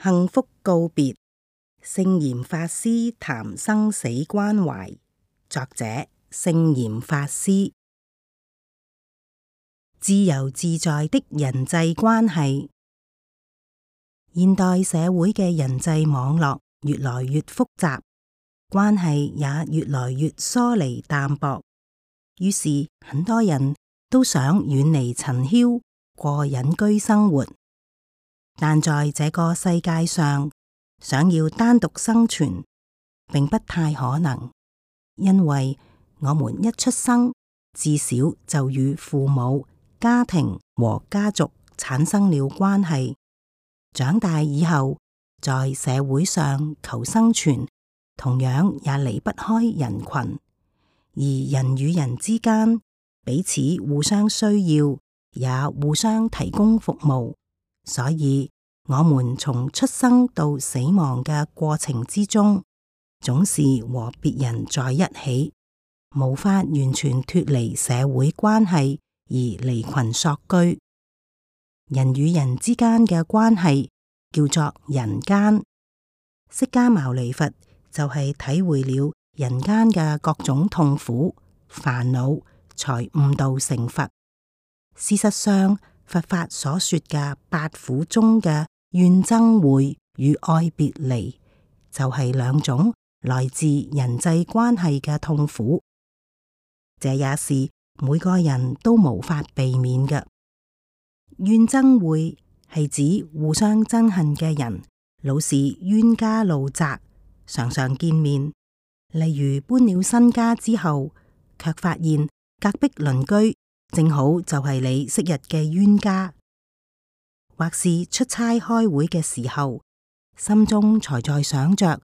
幸福告別，聖嚴法師談生死關懷。作者：聖嚴法師。自由自在的人際關係。現代社會嘅人際網絡越來越複雜，關係也越來越疏離淡薄。於是，很多人都想遠離塵囂，過隱居生活。但在這個世界上，想要單獨生存，並不太可能，因為我們一出生至少就與父母、家庭和家族產生了關係。長大以後，在社會上求生存，同樣也離不開人群。而人與人之間彼此互相需要，也互相提供服務。所以，我們從出生到死亡嘅過程之中，總是和別人在一起，無法完全脫離社會關係而離群索居。人與人之間嘅關係叫做人間。釋迦牟尼佛就係體會了人間嘅各種痛苦煩惱，才悟道成佛。事實上。佛法所說嘅八苦中嘅怨憎會與愛別離，就係、是、兩種來自人際關係嘅痛苦。這也是每個人都無法避免嘅。怨憎會係指互相憎恨嘅人，老是冤家路窄，常常見面。例如搬了新家之後，卻發現隔壁鄰居。正好就係你昔日嘅冤家，或是出差開會嘅時候，心中才在想着，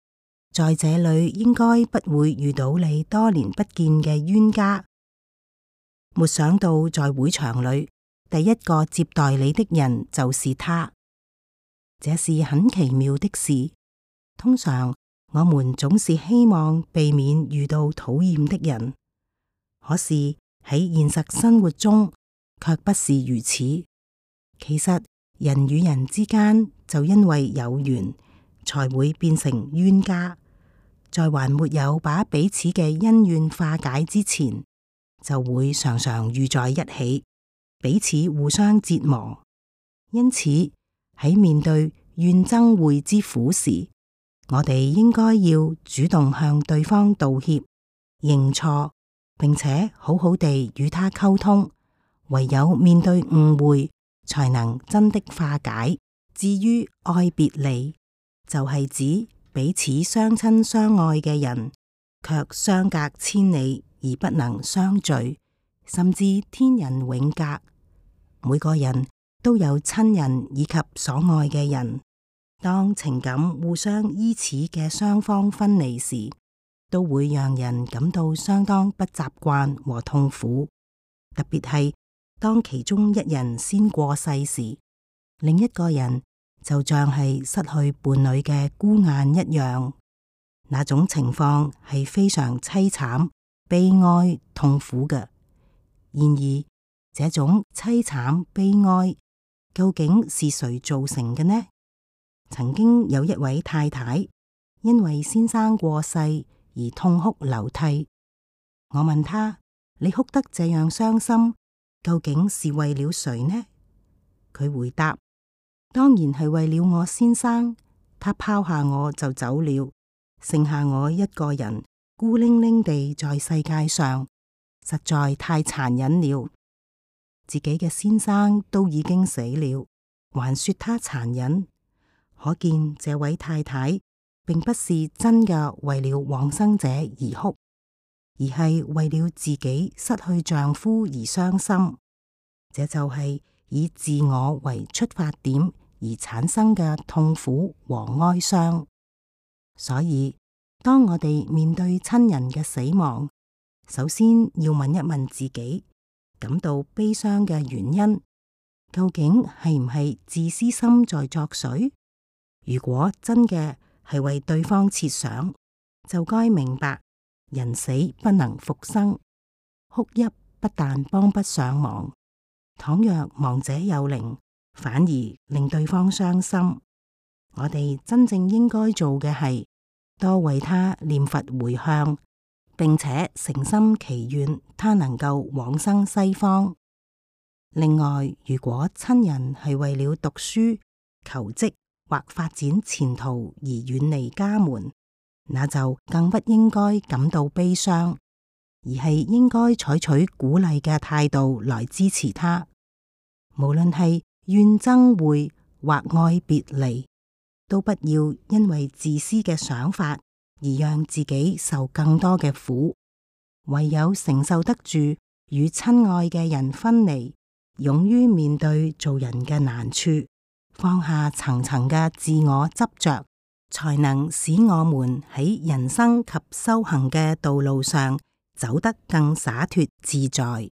在這裏應該不會遇到你多年不見嘅冤家。沒想到在會場裏，第一個接待你的人就是他，這是很奇妙的事。通常，我們總是希望避免遇到討厭的人，可是，喺現實生活中，卻不是如此。其實，人與人之間就因為有緣，才會變成冤家。在還沒有把彼此嘅恩怨化解之前，就會常常遇在一起，彼此互相折磨。因此，喺面對怨憎會之苦時，我哋應該要主動向對方道歉、認錯。並且好好地與他溝通，唯有面對誤會，才能真的化解。至於愛別離，就係指彼此相親相愛嘅人，卻相隔千里而不能相聚，甚至天人永隔。每個人都有親人以及所愛嘅人，當情感互相依此嘅雙方分離時，都會讓人感到相當不習慣和痛苦，特別係當其中一人先過世時，另一個人就像係失去伴侶嘅孤雁一樣，那種情況係非常凄慘、悲哀、痛苦嘅。然而，這種凄慘、悲哀究竟是誰造成嘅呢？曾經有一位太太，因為先生過世。而痛哭流涕，我問他：你哭得這樣傷心，究竟是為了誰呢？佢回答：當然係為了我先生，他拋下我就走了，剩下我一個人孤零零地在世界上，實在太殘忍了。自己嘅先生都已經死了，還說他殘忍，可見這位太太。並不是真嘅為了往生者而哭，而係為了自己失去丈夫而傷心。這就係以自我為出發點而產生嘅痛苦和哀傷。所以，當我哋面對親人嘅死亡，首先要問一問自己，感到悲傷嘅原因，究竟係唔係自私心在作祟？如果真嘅，係為對方設想，就該明白人死不能復生，哭泣不但幫不上忙，倘若亡者有靈，反而令對方傷心。我哋真正應該做嘅係多為他念佛回向，並且誠心祈願他能夠往生西方。另外，如果親人係為了讀書、求職，或發展前途而遠離家門，那就更不應該感到悲傷，而係應該採取鼓勵嘅態度來支持他。無論係怨憎會或愛別離，都不要因為自私嘅想法而讓自己受更多嘅苦。唯有承受得住與親愛嘅人分離，勇於面對做人嘅難處。放下層層嘅自我執着，才能使我們喺人生及修行嘅道路上走得更灑脫自在。